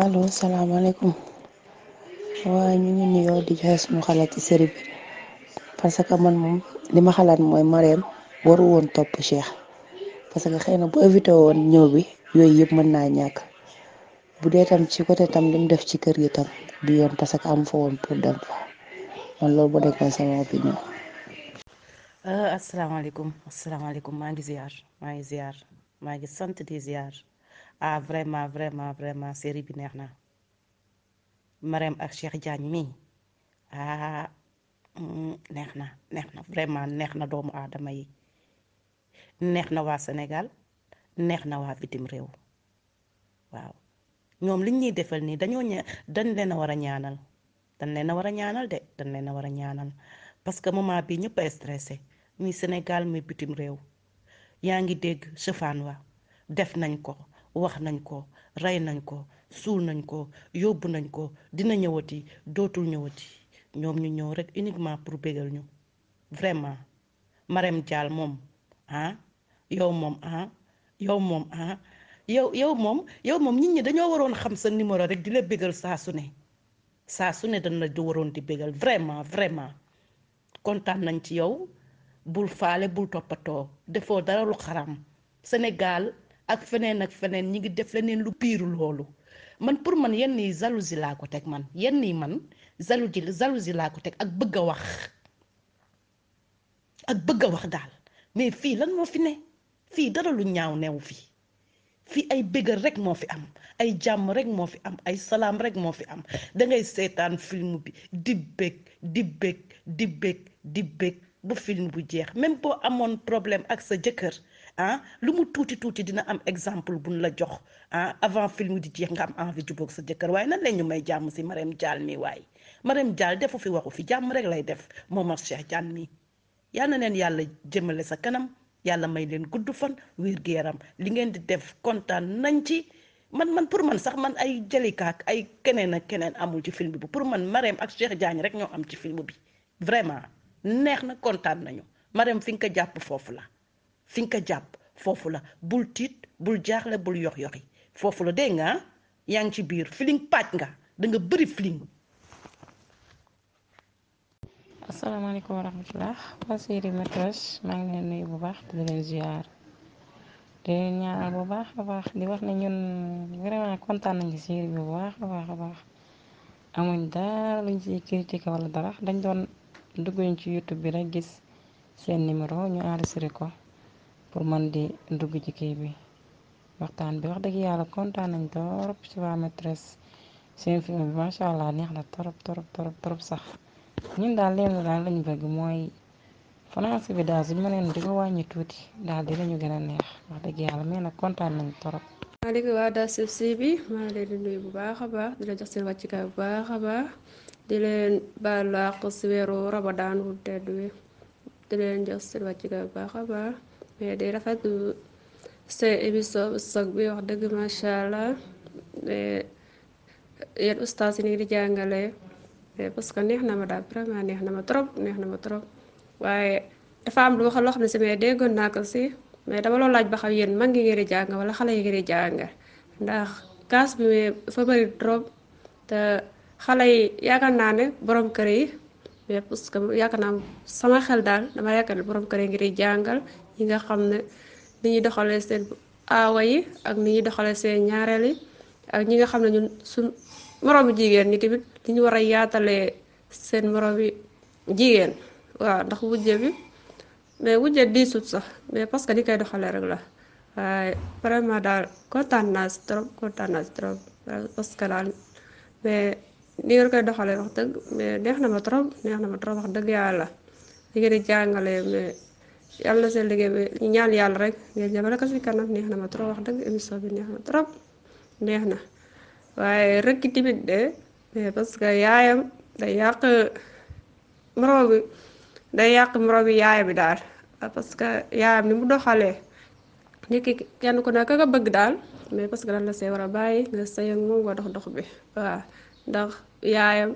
allo salaamaaleykum waaye ñu ngi nuyoo di joxe suñu xalaat ci série bi parce que man moom li ma xalaat mooy Marème waru woon topp Cheikh parce que xëy na bu évité woon ñëw bi yooyu yëpp mën naa ñàkk bu dee tam ci côté tam li def ci kër gi tam bi yoon parce que am fa woon pour dem man loolu boo nekkoon sama opinion. Euh, asalaamaaleykum asalaamaaleykum maa ngi ziar maa ngi ziar maa ngi sant de ziar. ah vraiment vraiment vraiment série bi neex na Marème ak Cheikh Diagne mi ah mm, neex na neex na vraiment neex na doomu aadama yi neex na waa Sénégal neex na waa bitim réew waaw ñoom liñ ñuy defal nii dañoo ña dañ leen a war a ñaanal dañ leen war a ñaanal de dañ leen a war a ñaanal parce que moment bii ñëpp a mii muy Sénégal muy bitim réew yaa ngi dégg sëfaan wa def nañ ko. wax nañ ko rey nañ ko suul nañ ko yóbbu nañ ko dina ñëwati dootul ñëwati ñoom ñu ñëw rek uniquement pour bégal ñu vraiment Marème Dial moom ah yow moom ah yow moom ah yow yow moom yow moom nit ñi dañoo waroon xam sa numéro rek di la bégal saa su ne saa su ne dañ la di waroon di bégal vraiment vraiment kontaan nañ ci yow bul faale bul toppatoo defoo dara lu xaram Sénégal ak feneen ak feneen ñi ngi def leneen lu piiru loolu man pour man yenn yi laa ko teg man yenn yi man jalousie jalousie laa ko teg ak bëgg a wax ak bëgg a wax daal mais fii lan moo fi ne fii dara lu ñaaw neew fii fii ay bëggal rek moo fi am ay jàmm rek moo fi am ay salaam rek moo fi am da ngay seetaan film bi di bëgg di bëgg bu film bu jeex même boo amoon problème ak sa jëkkër ah lu mu tuuti tuuti dina am exemple buñ la jox ah avant film di jeex nga am envie jubóog sa jëkkër waaye nan leen ñu may jàmm si Marème Dial mi waaye Marème Dial defu fi waxu fi jàmm rek lay def Momar Cheikh Diane mi yal na leen yàlla jëmmale sa kanam yàlla may leen gudd fan wér gu yaram li ngeen di def kontaan nañ ci man man pour man sax man ay jëlikaak ay keneen ak keneen amul ci film bi pour man Marème ak Cheikh Diagne rek ñoo am ci film bi vraiment neex na kontaan nañu Marème fi nga ko jàpp foofu la. fi ko jàpp foofu la bul tiit bul jaaxle bul yox foofu la dégg nga ah? yaa ngi ci biir filing paaj nga da nga bëri filing. asalaamaaleykum wa rahmatulah waa série Maîtresse maa ngi leen nuyu bu baax di leen ziar di leen bu baax a baax di wax ne ñun vraiment kontaan nañu ci série bi bu baax a baax a baax amuñ dara luñ ciy critique wala dara dañ doon dugguñ ci YouTube bi rek gis seen numéro ñu enregistré ko. pour man di dugg ci kii bi waxtaan bi wax dëgg yàlla kontaan nañ torop ci waa maîtresse seen film bi macha allah neex la torop torop torop torop sax ñun daal leen daal lañu bëgg mooy France bi daal suñu mëneen di ko wàññi tuuti daal di lañu gën a neex wax dëgg yàlla mais nag kontaan nañ torop maaleykum waa Dash Chef si maa leen di bu baax a baax di bu baax a baax di leen baal laax si weeru ramadaan wu tedd di leen jox seen wàccukaay bu baax mais di rafetlu seen émission Soog bi wax dëgg macha allah yéen ustaas yi ni di jàngale parce que neex na ma daal vraiment neex na ma trop neex na ma trop waaye dafa am lu wax loo xam ne si mais déggoon naa ko si mais dama loo laaj ba xam yéen mag ngi ngeen di jàng wala xale yi ngeen jànga ndax kaas bi dafa bëri trop te xale yi yaakaar naa ne borom kër yi. mais parce que yaakaar naa sama xel daal dama yaakaar ne borom kër yi ngir jàngal yi nga xam ne ni ñuy doxalee seen aawa yi ak ni ñuy doxalee seen ñaareel yi ak ñi nga xam ne ñun suñ moroomi jigéen ñi tamit li ñu war a yaatalee seen moroomi jigéen waaw ndax wujje bi mais wujje diisut sax mais parce que ni koy doxalee rek la waaye vraiment daal kontaan naa si trop kontaan naa si trop parce daal mais. li nga koy doxalee wax dëgg mais neex na ma trop neex na ma trop wax dëgg yàlla li ngeen di jàngale mais yàlla na seen liggéey bi ñaan yàlla rek ngeen jàppale ko si kanam neex na ma trop wax dëgg émission bi neex na trop neex na waaye rek tamit de mais parce que yaayam day yàq moroom day yàq moroom bi yaayam bi daal ah, parce que yaayam ni mu doxalee nit ki kenn ku nekk nga bëgg daal mais parce que lan la see war a bàyyi nga sëy ak moom nga dox dox bi waaw. ndax yaayam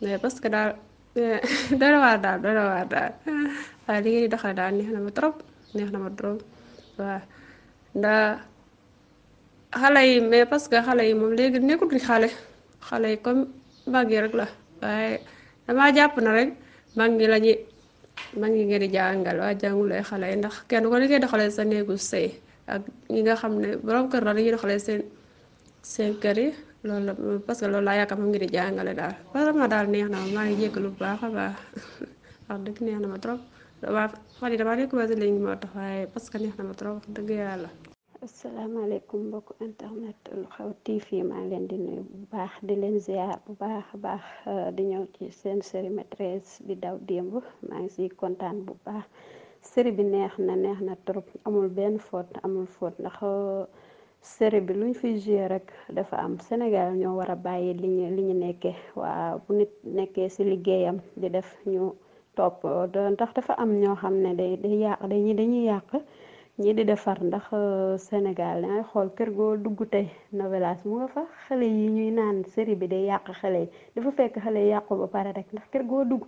mais parce que daal dara waar daal dara waar daal waaye li na ma trop neex na ma trop waaw xale yi mais parce que xale yi moom léegi nekkutuñ xale xale yi comme mag yi rek la waaye damaa jàpp na rek mag ñi la ñuy mag ñi ngeen di jàngal waa jàngulee xale yi ndax kenn ko li ngay doxalee sa néegu sëy ak ñi nga xam ne borom kër la li ñuy doxalee seen seen kër yi loolu la parce que loolu laa yaakaar moom ngi di jàngale daal vraiment daal neex na maa ngi jékk lu baax a baax wax dëgg neex na ma trop waaw fan yi damaa découvrir léegi moo tax waaye parce que neex na ma trop dëgg yàlla. asalaamaaleykum mbokk internet lu xew TV maa leen di nuyu bu baax di leen ziar bu baax a baax euh, di ñëw ci seen série maîtresse bi daw démb maa ngi si kontaan bu baax série bi neex na neex na trop amul benn foot amul foot ndax. Euh, sere bi luñ fi joué rek dafa am Sénégal ñoo war a bàyyi li ñu li ñu nekkee waa bu nit nekkee ci liggéeyam di def ñu topp ndax dafa am ñoo xam ne day day yàq dañuy dañuy yàq ñii di defar ndax euh, Sénégal dangay xool kër goo dugg tey novelas mu nga fa xale yi ñuy naan série bi day yàq xale yi dafa fekk xale yi yàqu ba pare rek ndax kër goo dugg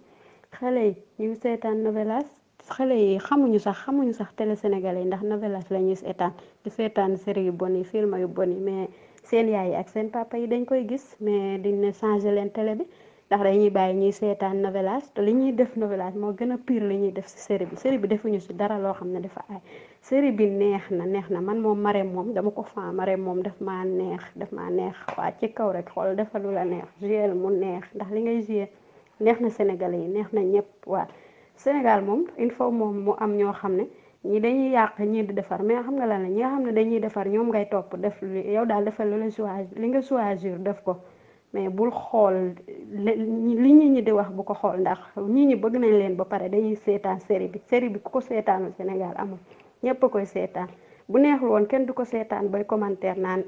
xale yi ñu seetaan novelas xale yi xamuñu sax xamuñu sax télé sénégalais yi ndax novelas la ñuy seetaan di seetaan série yu bon yi film yu bon yi mais seen yaay yi ak seen papa yi dañ koy gis mais dañ ne changé leen télé bi ndax dañuy bàyyi ñuy seetaan novelas te li ñuy def novelas moo gën a piir li ñuy def si série bi série bi defuñu si dara loo xam ne dafa aay série bi neex na neex na man moom Marème moom dama ko faa Marème moom daf maa neex daf maa neex waa ci kaw rek xool dafa lu neex géel mu neex ndax li ngay géel neex na sénégalais yi neex na ñëpp Sénégal moom il faut moom mu am ñoo xam ne ñi dañuy yàq ñii di defar mais xam nga lan la ñi nga xam ne dañuy defar ñoom ngay topp def yow daal defal lu la choisir li nga choisir def ko mais bul xool li ñi ñi di wax bu ko xool ndax ñii ñi bëgg nañ leen ba pare dañuy seetaan série bi série bi ku ko seetaanul Sénégal amul ñëpp a koy seetaan bu neexul woon kenn du ko seetaan booy commentaire naan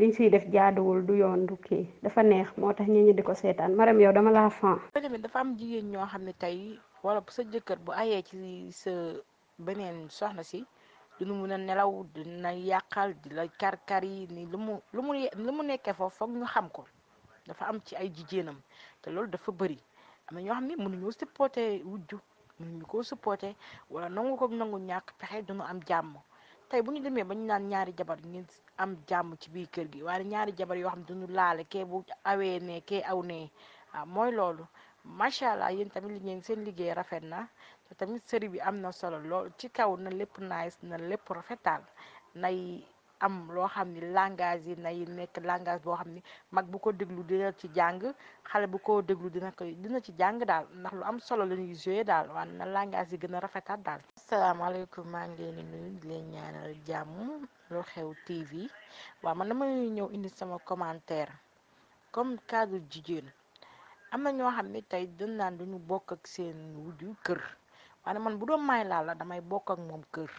liñ siy def jaaduwul du yoon du dafa neex moo tax ñi di ko seetaan maram yow dama laa fan tamit dafa am jigéen ñoo xam ne tey wala sa jëkkër bu ayee ci sa beneen soxna si duñu mun a nelaw dina yàqal di la kar-kar yi ni lu mu lu mu lu mu nekkee foofu foog ñu xam ko dafa am ci ay jigéenam te loolu dafa bëri am na ñoo xam ne mënuñoo supporter wujju mënuñu koo supporter wala nangu ko nangu ñàkk pexe duñu am jàmm tey bu ñu demee ba ñu naan ñaari jabar ngi am jàmm ci biir kër gi waaye ñaari jabar yoo xam ne duñu laale kee bu awee ne kee aw ne waaw mooy loolu macha allah yéen tamit li ngeen seen liggéey rafet na tamit sëri bi am na solo lool ci kaw na lépp nice na lépp rafetaal nay am loo xam ni langage yi nay nekk langage boo xam ni mag bu ko déglu dina ci jàng xale bu ko déglu dina koy dina ci jàng daal ndax lu am solo la ñuy daal waaye na langage yi gën a rafetaat daal. asalaamaaleykum maa ngi leen di leen ñaanal jàmm lu xew TV waaw man dama ñëw indi sama commentaire comme cadre jigéen am na ñoo xam ne tey dañ naan duñu bokk ak seen wujju kër waaye man bu doon may laal la damay bokk ak moom kër.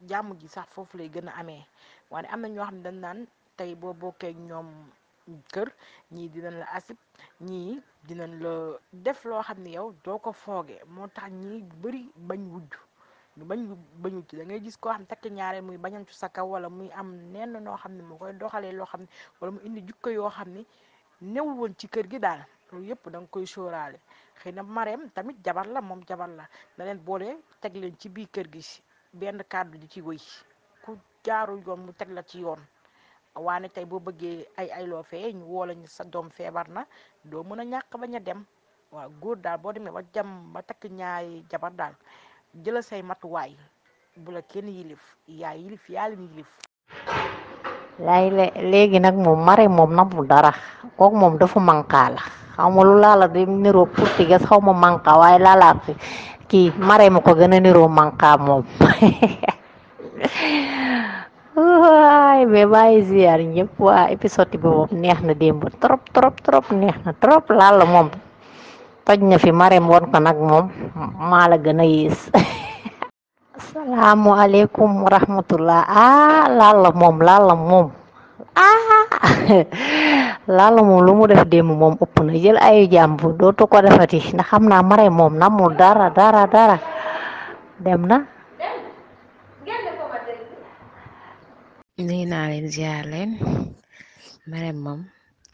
jàmm gi sax foofu lay gën a amee waaye am na ñoo xam ne dañ naan tey boo bokkee ñoom kër ñii dinañ la asib ñii dinañ la def loo xam ne yow doo ko fooge moo tax ñii bari bañ wujj ñu bañ bañ wujj da ngay gis koo xam takk ñaare muy bañantu sa kaw wala muy am nenn noo xam ne moo koy doxalee loo xam ne wala mu indi jukko yoo xam ni newul woon ci kër gi daal loolu yëpp da nga koy sóoraale xëy na mareem tamit jabar la moom jabar la na leen boole teg leen ci biir kër gi benn kàddu di ci woy ku jaarul yoon mu teg la ci yoon waane tey boo bëggee ay ay loo fee ñu sa doom feebar na doo mën a ñàkk bañ a dem waaw góor daal boo demee ba jam ba takk ñaari jabar daal jëla say matuwaay bu la kenn yilif yaa yilif yaa leen yilif laay léegi nag moom mare moom nabu dara kooku moom dafa manqaa la xaw ma lu laala di tiges xaw ma manqaa waaye laalaak fi kii mare ma ko gën a niroo manka moom waay mais bàyyi ziar ñëpp waa épisode bi moom neex na démb trop trop trop neex na trop laal la moom toj na fi marem woon ko nag moom maa la gën a yées asalaamualeykum wa ah, la moom laal moom ah laala moom lu mu def démb moom ëpp na jël ayu jàmbur dootu ko defati ndax xam naa mari moom namul dara dara dara dem na. nuyu naa leen ziar leen mareem moom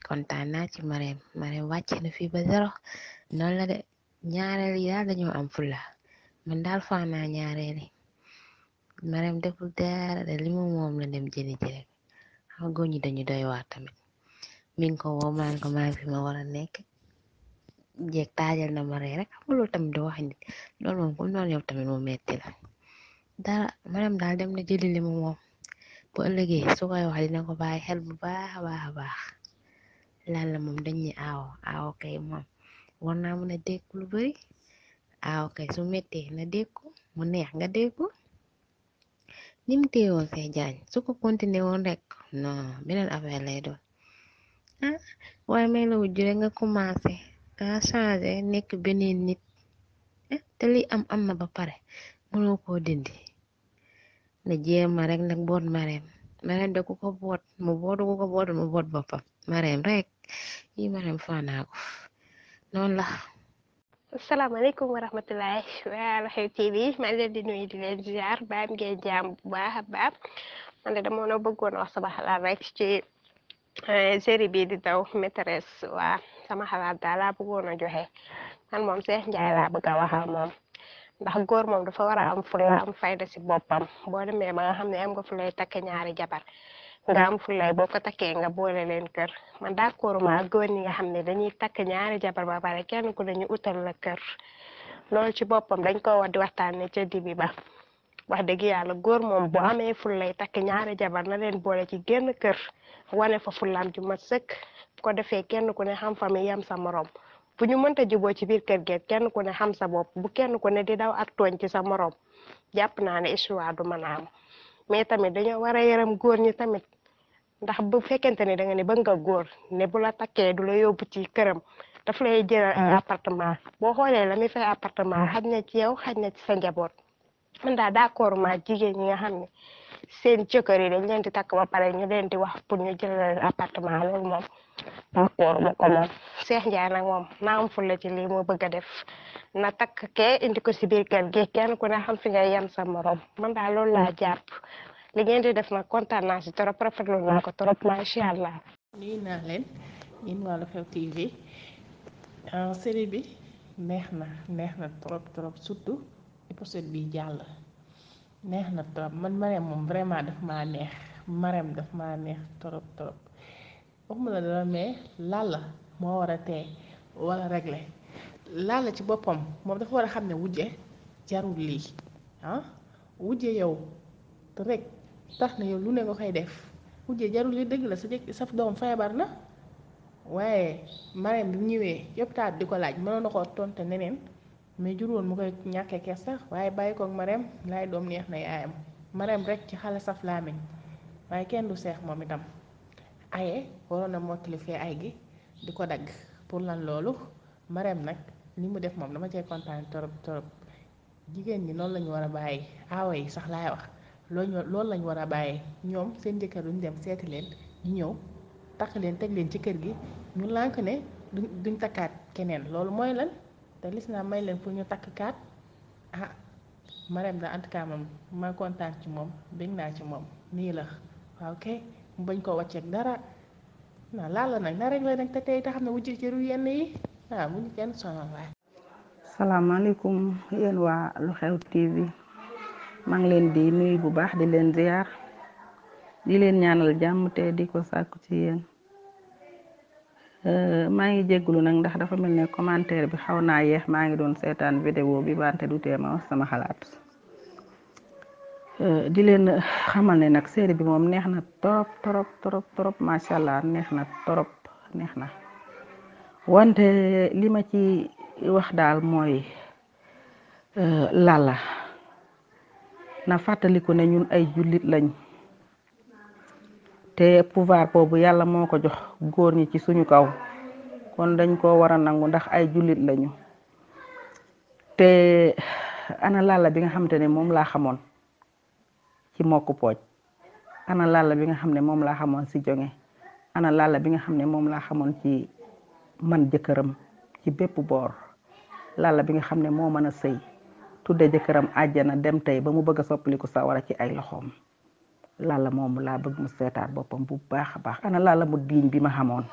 kontaan naa ci mareem mareem wàcc na fii ba zéro noonu de ñaareel yi daal dañoo am fula man daal faa naa ñaareel yi mareem deful dara de li moom la dem jëli ji rek xam góor ñi dañu doy tamit. mi ngi ko woo maan ko fi ma war a nekk jeeg taajal na ma rek xam tamit du wax nit loolu moom comme noonu yow tamit mu metti la dara maanaam daal dem na jëli li mu moom bu ëllëgee su koy wax dina ko bàyyi xel bu baax a baax a baax lan moom dañ ñu aawo aawo kay moom war naa mën a dégg lu bari aawo kay su méttee na dégg mu neex nga dégg ko ni mu woon say jaañ su ko continué woon rek non beneen affaire lay doon. waaye may la wujj rek nga commencé nga changé nekk beneen nit eh, te li am am na ba pare mënoo koo dindi na jéema rek nag boot mareem mareem da ku ko boot mu boot ku ko boot mu boot boppam mareem rek yi mareem faanaa ko noonu la asalaamaaleykum wa rahmatulah waa TV maa ngi leen di nuyu di leen jaam bu baax a baax man de dama bëggoon wax sama xalaat série bii di daw maîtresse waa sama xalaat daal laa bëggoon a joxe kan moom Cheikh Ndiaye laa bëgg a moom ndax góor moom dafa war a am fulla am fayda si boppam boo demee ba nga xam ne am nga fulay takk ñaari jabar nga am fulay boo ko takkee nga boole leen kër man d'accord ma ak góor ñi nga xam ne dañuy takk ñaari jabar ba kenn ku dañu utal la kër loolu ci boppam dañ ko war di waxtaanee ca dibi ba wax dëgg yàlla góor moom boo amee fulay takk ñaari jabar na leen boole ci génn kër wane fa fulaam ju mat sëkk ko defee kenn ku ne xam fa yam sa morom bu ñu mënta juboo ci biir kër gee kenn ku ne xam sa bopp bu kenn ku ne di daw ak tooñ ci sa morom jàpp naa ne histoire du mën mais tamit dañoo war a yaram góor ñi tamit ndax bu fekkente ne da nga ne bëgg nga góor ne bu la takkee du la yóbbu ci këram daf lay jëlal mm. appartement boo xoolee la mi fay appartement mm. xaj na ci yow xaj na ci sa njaboot man daa d'accord ma jigéen ñi nga xam ne seen jëkkër yi dañ leen di takk ba pare ñu leen di wax pour ñu jël leen appartement loolu moom d'accord ma ko moom Cheikh Ndiaye nag moom naa am fulla ci lii bëgg a def na takk kee indi ko si biir kër kenn ku ne xam fi ngay yem sa morom man daal loolu laa jàpp li ngeen di def nag kontaan naa si trop rafetlu naa ko trop macha allah. nuyu naa leen yéen waa Lu Xew TV ah, série bi neex na neex na trop trop surtout épisode bi jàll. neex na trop man Marème moom vraiment daf maa neex Marème daf maa neex trop trop waxuma la dara mais Lalla moo war a tey wala régler Lalla ci boppam moom dafa war a xam ne wujje jarul lii ah wujje yow rek tax na yow lu ne nga koy def wujje jarul lii dëgg la sa jëkk sa doom feebar na waaye Marème bi ñëwee yëpp taat di ko laaj mën na koo tonte neneen mais juróon mu koy ñàkkee sax waaye bàyyi koog mareem laay doom neex na yaayam mareem rek ci xale saf laamiñ waaye kenn du seex moom itam aye waroon a mottali fee ay gi di ko dagg pour lan loolu mareem nag li mu def moom dama cee kontaan torop torop jigéen ñi noonu lañu ñu war a bàyyi aawa yi sax laay wax loolu loolu lañ war a bàyyi ñoom seen jëkkër duñ dem seeti leen ñu ñëw takk leen teg leen ci kër gi ñu lànk ne du duñ takkaat keneen loolu mooy lan te lislaam may leen pour ñu takk kaat ah Marème da en tout moom ma kontaan ci moom bég naa ci moom nii la waaw ah, kay mu bañ koo wàcceeg dara na laala nag na rek la nag te tey te xam ne wujj ci ru yenn yi waaw bu ñu kenn sonal waay salaamaaleykum yéen waa lu xew TV maa ngi leen di nuyu bu baax di leen ziar di leen ñaanal jàmm te di ko sàkku ci yéen Euh, maa ngi jégglu nag ndax dafa mel ne commentaire bi xaw naa yeex maa ngi doon seetaan vidéo bi wante du tee ma sama xalaat euh, di leen xamal ne nag série bi moom neex na trop trop trop trop macha allah neex na trop neex na wante li ma ci wax daal mooy euh, lala na fàttaliku ne ñun ay jullit lañ te pouvoir boobu yàlla moo ko jox góor ñi ci suñu kaw kon dañ ko war a nangu ndax ay jullit lañu te ana lalla bi nga xamante ne moom laa xamoon ci mokku pooj bi nga xam ne moom laa xamoon si jonge ana lalla bi nga xam ne moom laa xamoon ci man jëkkëram ci bépp boor lalla bi nga xam ne moo mën a sëy tudde jëkkëram àjjana dem tey ba mu bëgg a soppaliku sawara ci ay loxoom la moom laa bëgg mu seetaat boppam bu baax a baax ana lalla mu diiñ bi ma xamoon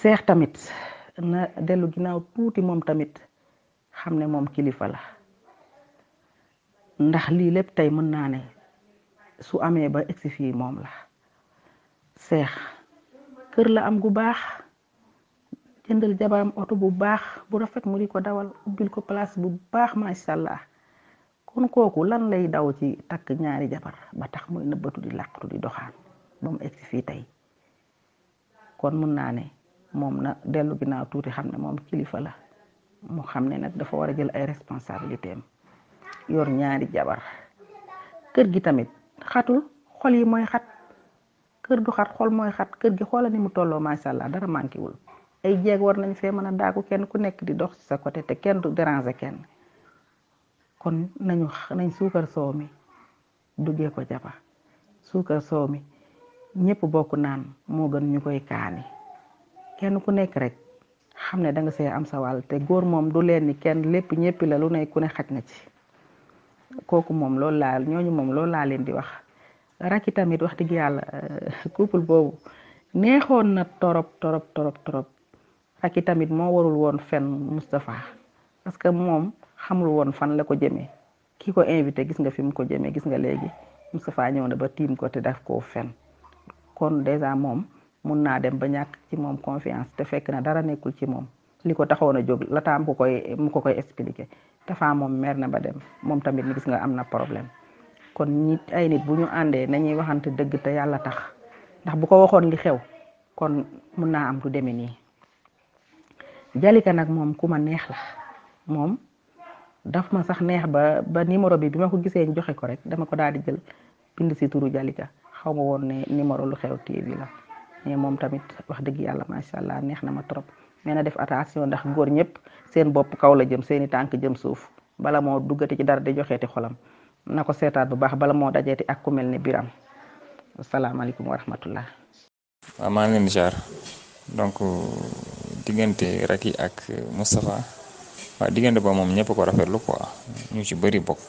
seex tamit na dellu ginnaaw tuuti moom tamit xam ne moom kilifa la ndax lii lépp tey mën naa ne su amee ba egsi fii moom la seex kër la am gu baax jëndal jabaram oto bu baax bu rafet mu di ko dawal ubbil ko place bu baax macha allah kon kooku lan lay daw ci takk ñaari jabar ba tax muy nëbbatu di làqatu di doxaan ba mu egsi fii tey kon mun naa ne moom na dellu ginnaaw tuuti xam ne moom kilifa la mu xam ne nag dafa war a jël ay responsabilité am yor ñaari jabar kër gi tamit xatul xol yi mooy xat kër du xat xol mooy xat kër gi xoola ni mu tolloo macha allah dara manqué wul ay jéeg war nañ fee man a daagu kenn ku nekk di dox ci sa côté te kenn du déranger kenn kon nañu nañ suukar soow mi duggee ko jaba suukar soow mi ñëpp bokk naan moo gën ñu koy kaani kenn ku nekk rek xam ne danga nga see am sa wàll te góor moom du leen ni kenn lépp ñëpp la lu ne ku ne xaj na ci kooku moom loolu laa ñooñu moom loolu laa leen di wax rakki tamit wax dëgg yàlla euh, couple boobu neexoon na torop torop torop torop rakki tamit moo warul woon fen Moustapha parce moom xamul woon fan la ko jëmee ki ko invité gis nga fi mu ko jëmee gis nga léegi Moustapha ñëw na ba tiim ko te daf koo fen kon dèjà moom mun naa dem ba ñàkk ci moom confiance te fekk na dara nekkul ci moom li ko taxoon a jóg la taam ko koy mu ko koy expliqué tafaa moom meer na ba dem moom tamit ni gis nga am na problème kon nit ay nit bu ñu àndee nañuy waxante dëgg te yàlla tax ndax bu ko waxoon li xew kon mun naa am du demee nii jalika nag moom ku ma neex la moom daf ma sax neex ba ba numéro bi bi ma ko gisee joxe ko rek dama ko daal di jël bind si turu Jalika xaw ma woon ne numéro lu xew TV la mais moom tamit wax dëgg yàlla macha allah neex na ma trop mais na def attention ndax góor ñëpp seen bopp kaw la jëm seeni i tànk jëm suuf bala moo duggati ci dara de di joxeeti xolam na ko seetaat bu baax bala moo dajeeti ak ku mel ne Biram asalaamaaleykum wa rahmatullah. waaw maa ngi leen donc diggante Racky ak Moustapha. waaw diggante ba moom ñëpp ko rafetlu quoi ñu ci bëri bokk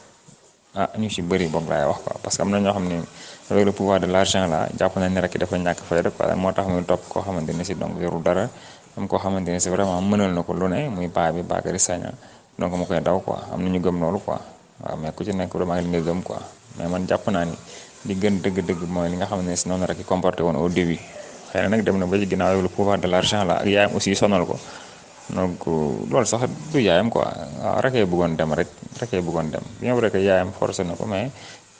ah ñu ci bëri laay wax quoi parce que am na ñoo xam ne avec le pouvoir de l'argent là jàpp nañ ne rek dafa ñàkk fay rek moo tax muy topp koo xamante ne si donc yorul dara am koo xamante ne si vraiment mënal na ko lu ne muy baa bi daw quoi am na ñu gëm loolu quoi mais ku nekk vraiment mais man jàpp naa ni gën dëgg-dëgg mooy li nga xam ne si noonu rek comporté woon au début xëy na nag dem na ba ci ginnaaw avec pouvoir de l'argent là ak yaayam aussi sonal ko donc loolu sax du yaayam quoi waaw ah, rakee bëggoon dem rek rakee buggoon dem bien vrai que yaayam forcé na ko mais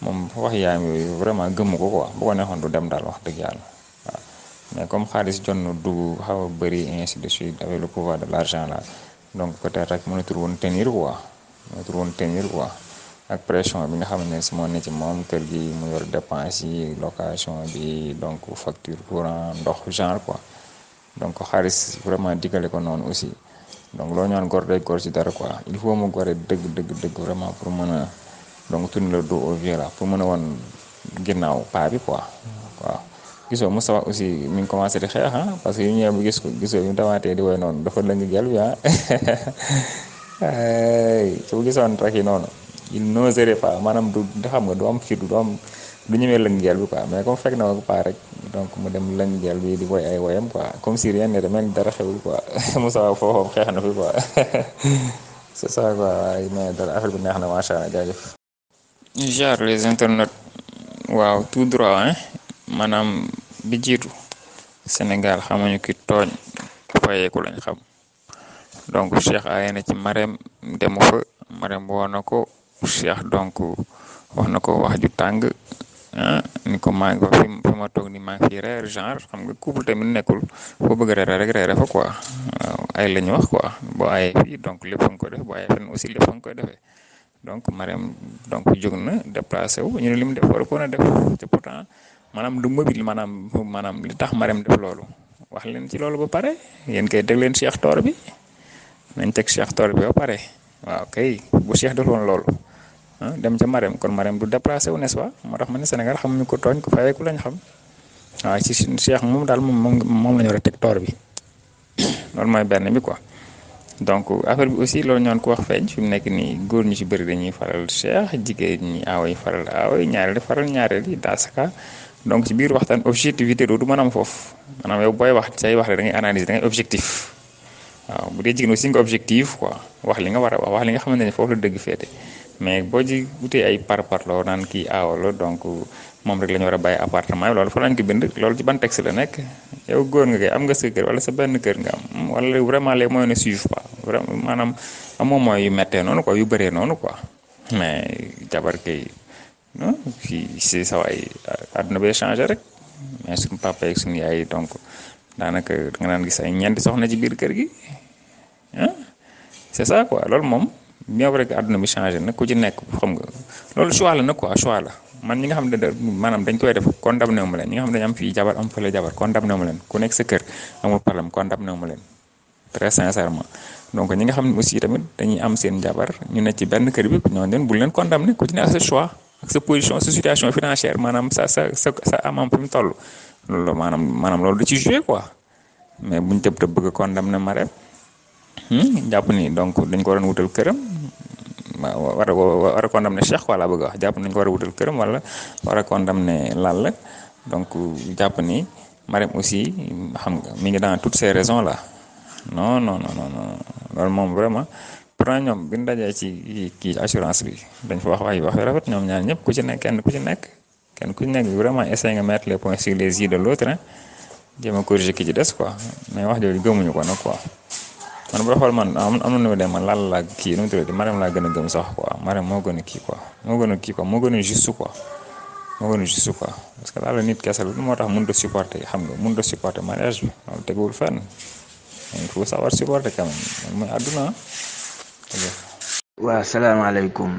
moom wax yaayam yooyu vraiment gëmm ko quoi bu ko neexoon du dem daal wax dëgg yàlla waaw mais comme xaalis jot na dugg xaw a bëri ainsi de suite avec le pouvoir de l' argent donc peut-être rek mënatul woon tenir quoi mënatul woon tenir quoi ak pression bi nga xam ne si moo ne ci moom kër gi mu yor dépense yi location bi donc facture courant ndox genre quoi. donc xaalis vraiment diggale ko noonu aussi donc loo ñaan gor day gor dara quoi il faut mu gore dëgg dëgg dëgg vraiment pour mën a donc tourner le dos au mën a wan ginnaaw paa bi quoi waaw gisoo Moustapha aussi mi ngi commencé di xeex ah, parce que yu ñëwee bu gis ko gisoo yu dawaatee di woy noonu dafa lëng gel bi ah su gisoon rek yi noonu il n'oserait pas maanaam du xam nga du am fit du du ñëwee lëngeel bi quoi mais comme fekk na ko paa rek donc mu dem lëngeel bi di woy ay woyam quoi comme si rien n'était mel dara xewul xeex na fi quoi c'est ça quoi waaye mais dara affaire bi neex na macha allah jaajëf. genre les internautes waaw tout droit hein maanaam bi jiitu Sénégal xamuñu ki tooñ fayeeku lañ xam donc Cheikh aaye na ci Marème demu fa Marème woo na ko Cheikh donc wax na ko tàng. ah ni ko maa ngi ko fi ma toog ni maa ngi fi reer genre xam nga couple tamit nekkul foo bëgg a reere rek reere fa quoi waaw ay la ñu wax quoi boo aye fii donc lépp fa nga ko def boo ayee fenn aussi lépp fa nga koy defee donc donc jóg na déplacé wu ñu li mu def war ko na def te pourtant maanaam du mobile maanaam maanaam li tax Marème def loolu wax leen ci loolu ba pare yéen kay teg leen Cheikh Toor bi nañ teg Cheikh Toor bi ba pare waaw kay bu Cheikh defoon loolu. Ah, dem ca Marème kon Marème du déplacé wu n'est-ce pas moo tax ma ne Sénégal xamuñu ko tooñ ko fayeeku lañ xam waaw ci Cheikh moom daal moom moom la ñu teg toor bi loolu benn bi quoi. donc affaire bi aussi loolu ñoon ko wax feeñ mu nekk nii góor ñu ci bëri dañuy faral Cheikh jigéen ñi aaway faral aaway ñaareel faral ñaareel yi daasaka donc ci biir waxtaan objectivité du mën am foofu maanaam booy wax say wax rek da ngay analyse da ngay objectif waaw bu dee jigéen aussi nga objectif ko wax li nga war wax wax li nga xamante ne foofu la dëgg féete. mais boo ci wute ay par parloo naan kii aaw donc moom rek la ñu war a bàyyi appartement yi loolu fa lañ ko bind loolu ci ban texte la nekk yow góor nga kay am nga sa kër wala sa benn kër nga am wala vraiment les moyens ne suivent maanaam amoo moyens méttee noonu quoi yu bëree noonu quoi mais jabar kay fii si saw ay àdduna bee changé rek mais suñu papa yeeg suñu yaay donc daanaka nga naan gis ay ñeenti soxna ci biir kër gi ah c'est ça quoi loolu moom. bien vrai que àdduna bi changé na ku ci nekk xam nga loolu choix la nag quoi choix la man ñi nga xam ne maanaam dañ koy def condamné wu ma leen ñi nga xam ne dañ am fii jabar am fële jabar condamné wu leen ku nekk sa kër amul problème condamné wu ma leen très sincèrement donc ñi nga xam ne aussi tamit dañuy am seen jabar ñu ne ci benn kër bi ñoo leen bul leen condamné ku ci nekk sa choix ak sa position situation financière maanaam sa sa sa sa amam fi mu toll loolu maanaam maanaam loolu da ci joué quoi mais buñ tëb te bëgg a condamné ma rek Hmm, jàpp nii donc dañ ko waroon wutal këram war a war a condamné Cheikh quoi laa bëgg a wax jàpp nañ ko war a wutal këram wala war a condamné Lalla donc jàpp ni Marème aussi xam nga mi ngi dans toutes ces raisons là non non non moom vraiment pourtant ñoom bi ñu dajee ci kii assurance bi dañ fa wax wax yi wax rafet ñoom ñaar ñëpp ku ci nekk kenn ku ci nekk kenn ku ci nekk vraiment essayer nga mettre les points sur les i de l'autre jéem a corriger ki ci des quoi mais wax jooju gëmuñu ko nag man bu xool man am na nu mu demee man laal laa kii nu mu tuddati Marème laa gën a gëm sax quoi Marème moo gën a kii quoi moo gën a kii ko moo gën a juste quoi moo gën a parce que laal nit kese la moo tax mënut a supporter xam nga mënut a supporter mariage bi loolu teguwul fenn il faut savoir supporter quand même mooy àdduna ah. waaw salaamaaleykum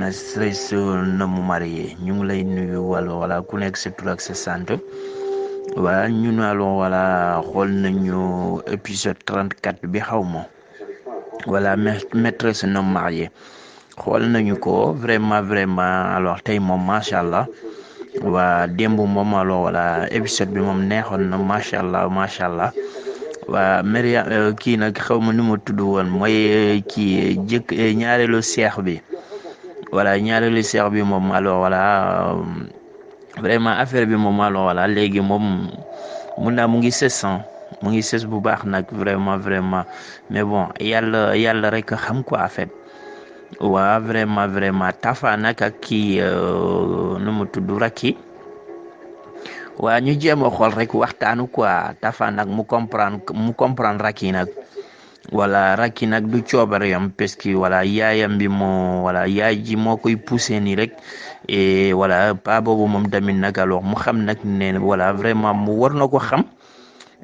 na sëriñ su na mu marié ñu ngi lay nuyu wala wala ku nekk sa tur ak sa sant waa ñun allons voilà xool nañu épisode 34 bi xaw ma voilà maîtresse non mariée xool nañu ko vraiment vraiment alors tey moom macha allah waa démb moom alors wala épisode bi moom neexoon na macha allah macha allah waa Maria euh, kii nag xaw ma nu ma tudd woon mooy euh, kii jëkk euh, ñaareelu seex bi wala ñaareelu seex bi moom alors voilà. vraiment affaire bi moom alors voilà léegi moom mun naa mu ngi sës mu ngi sës bu baax nag vraiment vraiment mais bon yàlla yàlla rek xam quoi en fait waa vraiment vraiment tafa nag ak kii euh, nu mu tudd rakki waa ñu jéem a xool rek waxtaanu quoi tafa nag mu comprend mu comprendre rakki nag. wala rakk yi nag du coobareem parce que wala yaayam bi moo wala yaay ji moo koy poussé nii rek et voilà pa boobu moom tamit nag alors mu xam nag ne wala vraiment mu war na ko xam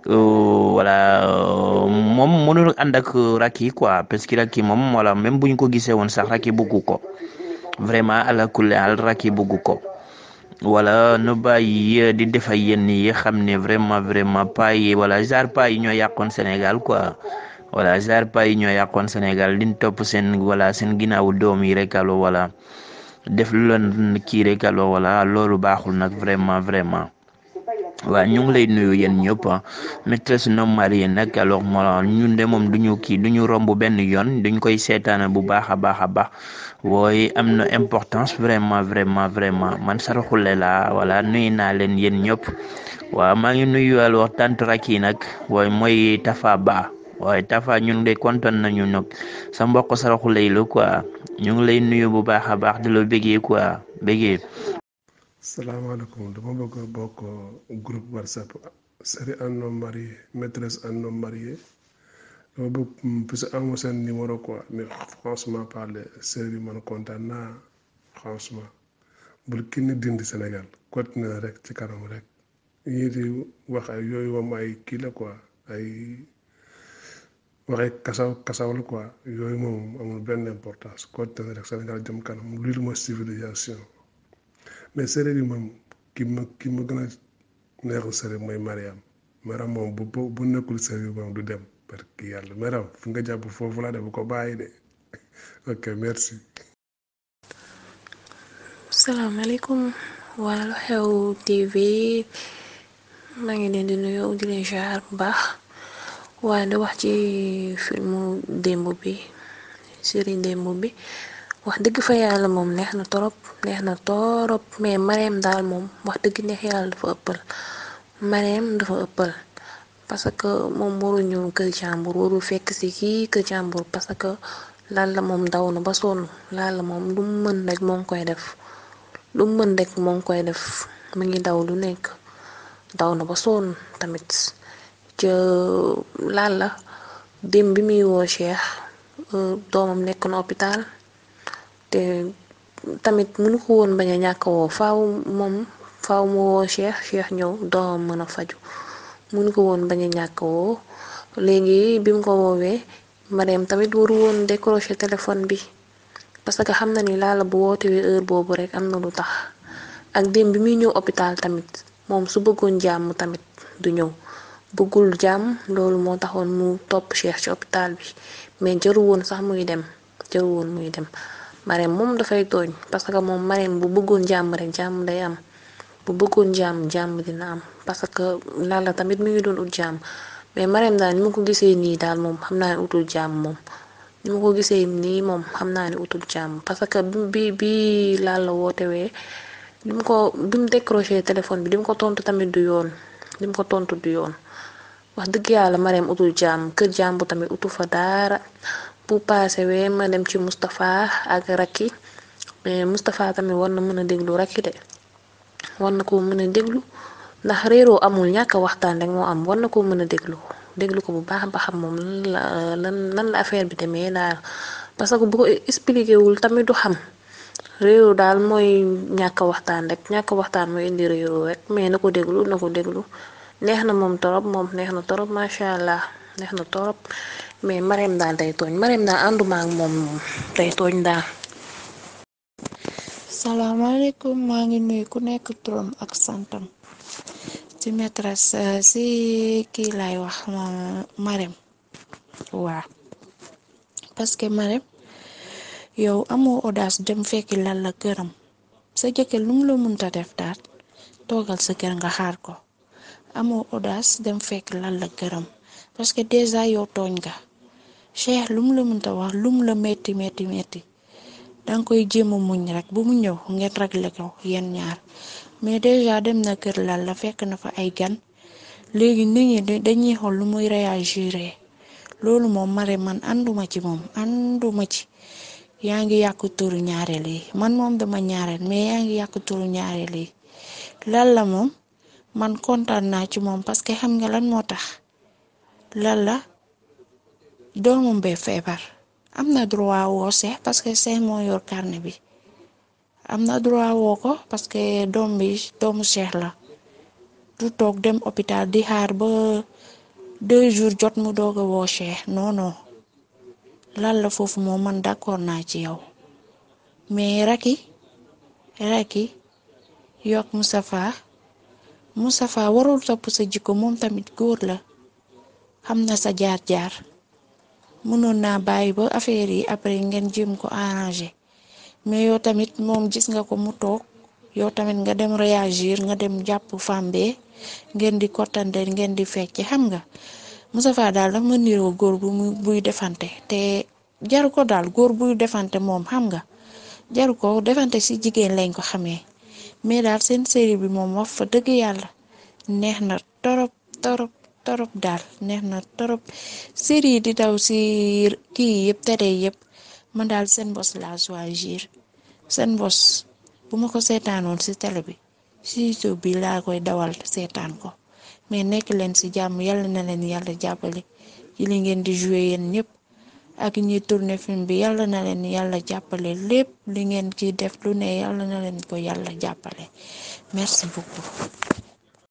voilà euh, euh, moom mënul ànd ak rakk yi quoi parce que rakk yi moom wala même buñ ko gisee woon sax rakk yi ko vraiment ala kulli al rakk yi bëggu ko wala nu bàyyi di def ay yenn yi xam ne vraiment vraiment paa yi wala genre paa yi ñoo yàqoon Sénégal quoi. voilà genre pays ñoo yàqoon Sénégal liñ topp seen voilà seen ginnaawu doom yi rek allo voilà def lu leen kii rek allo voilà loolu baaxul nag vraiment vraiment waaw ñu ngi lay nuyu yéen ñëpp ah. maîtresse non mariée nag alors moom ñun de moom duñu kii duñu romb benn yoon duñ koy seetaana bu baax a baax a baax wooy am na importance vraiment vraiment vraiment man saraxule la voilà nuyu naa leen yéen ñëpp waaw maa ngi nuyu alors tante Racky nag wooy mooy Tafa Ba. waaye Tafa ñun de kontaan nañu nag sa mbokk saraxu lay la quoi ñu ngi lay nuyu bu baax a baax di la bëggee quoi bëggee. salaamaaleykum dama bëgg a bokk groupe whatsapp série un homme marié maîtresse un homme marié dama bëgg parce série bi man kontaan naa franchement bul kenn dindi Sénégal continuer rek ci kanam rek ñii di wax ay yooyu ay kii la quoi waxee kasaw kasaw la quoi yooyu moom amul benn importance continué rek Sénégal jëm kanam lii mooy civilisation mais séeréer yi moom ki ma ki ma gën a neexul séeréer mooy Mariam Mariam moom bu bu nekkul séeréer moom du dem par que yàlla Mariam fu nga jàpp foofu laa dem bu ko bàyyi de ok merci. salaamaaleykum waa Lu Xew TV maa ngi leen di nuyu jaar baax. waaye da wax ci filmu démb bi série démb bi wax dëgg fa yàlla moom neex na torop neex na torop mais mareem daal moom wax dëgg neex yàlla dafa ëppal mareem dafa ëppal parce que moom waru ñëw kër jàmbur waru fekk si kii kër jàmbur parce que laal la moom daw na ba sonn laal la moom lu mu mën rek moo koy def lu mu mën rek moo ngi koy def mu ngi daw lu nekk daw na ba sonn tamit laal la dem bi muy woo Cheikh euh, doomam nekk na hôpital te tamit mënu ko woon bañ a ñàkk woo faaw moom faaw mu woo Cheikh Cheikh ñëw doomam mën a faju mënu ko woon bañ a ñàkk woo léegi bi mu ko woowee Marème tamit waru woon décrocher téléphone bi parce que xam na ni laala bu wootewee heure boobu rek am na lu tax ak dem bi muy ñëw hôpital tamit moom su bëggoon jàmm tamit du ñëw bëggul jàmm loolu moo taxoon mu topp Cheikh ci hôpital bi mais jëru woon sax muy dem jëru woon muy dem Marème moom dafay tooñ parce que moom Marème bu bëggoon jàmm rek jàmm day am bu bëggoon jàmm jàmm dina am parce que Lalla tamit mu ngi doon ut jàmm mais Marème daal ni ma ko gisee nii daal moom xam naa ne utul jàmm moom ni ko gisee nii moom xam naa ne utul jàmm parce que bii bii bi Lalla wootewee bi mu ko bi mu décroché téléphone bi di mu ko tontu tamit du yoon di mu ko tontu du yoon. wax dëgg yàlla mareem utul jàmm kër jàmbu tamit utu fa daara bu paase wee ma dem ci Moustapha ak Racky mais Moustapha tamit war na mën a déglu Racky de war na ko mën a déglu ndax réeroo amul ñàkk waxtaan rek moo am war na ko mën a déglu déglu ko bu baax ba xam moom lan la lan lan la affaire bi demee daal parce que bu ko wul tamit du xam réeroo daal mooy ñàkk waxtaan rek ñàkk waxtaan mooy indi réeroo rek mais na ko déglu na ko déglu. neex na moom trop moom neex na trop macha allah neex na trop mais Marème daal day tooñ Marème daal ànduma ak moom moom day tooñ daal. salaamaaleykum maa ngi nuyu ku nekk turam ak santam si maîtresse si euh, kii lay wax Marème waaw parce que Marème yow amoo audace dem fekk lan la këram sa jëkkër lu mu la def daal toogal sa gër nga xaar ko. amoo audace dem fekk lan la këram parce que déjà yow tooñ nga cheikh lu mu la mënta wax lu mu la metti metti metti danga koy jéem muñ rek bu mu ñëw ngeen réglé ko yenn ñaar mais déjà dem na kër lan la fekk na fa ay gan léegi nit ñi dañuy xool lu muy réagir loolu moom mare man ànduma ci moom ànduma ci yaa ngi yàq turu ñaareel yi man moom dama ñaareel mais yaa ngi yàqu turu ñaareel yi lan la moom man kontaan naa ci moom parce que xam nga lan moo tax lan la doomam bee feebar am na droit woo parce que seex moo yor carnet bi am na droit wooko parce que doom bi doomu seex la du toog dem hôpital di xaar ba deux jours jot mu doog a woo seex lal la foofu moom man d'accord naa ci yow mais raki raki yokk Moustapha Moustapha warul topp sa jiko moom tamit góor la xam na sa jaar-jaar mënoon naa bàyyi ba affaire yi après ngeen jéem ko arranger mais yow tamit moom gis nga ko mu toog yow tamit nga dem réagir nga dem jàpp fambe ngeen di kottante ngeen di fecc xam nga Moustapha daal dafa ma niroo góor bu muy buy defante te jaru ko daal góor buy defante moom xam nga jaru ko defante si jigéen lañ ko xamee. mais daal seen série bi moom wax fa dëgg yàlla neex na torop torop trop daal neex na torop série yi di daw si kii yëpp tere yëpp man daal seen bos laa choisir seen bos bu ma ko seetaanoon si tele bi si bi laa koy dawal seetaan ko mais nekk leen si jàmm yàlla na leen yàlla jàppale ci li ngeen di joué yéen ñëpp. ak ñiy tourné film bi yàlla na leen yàlla jàppale lépp li ngeen ci def lu ne yàlla na leen ko yàlla jàppale merci beaucoup.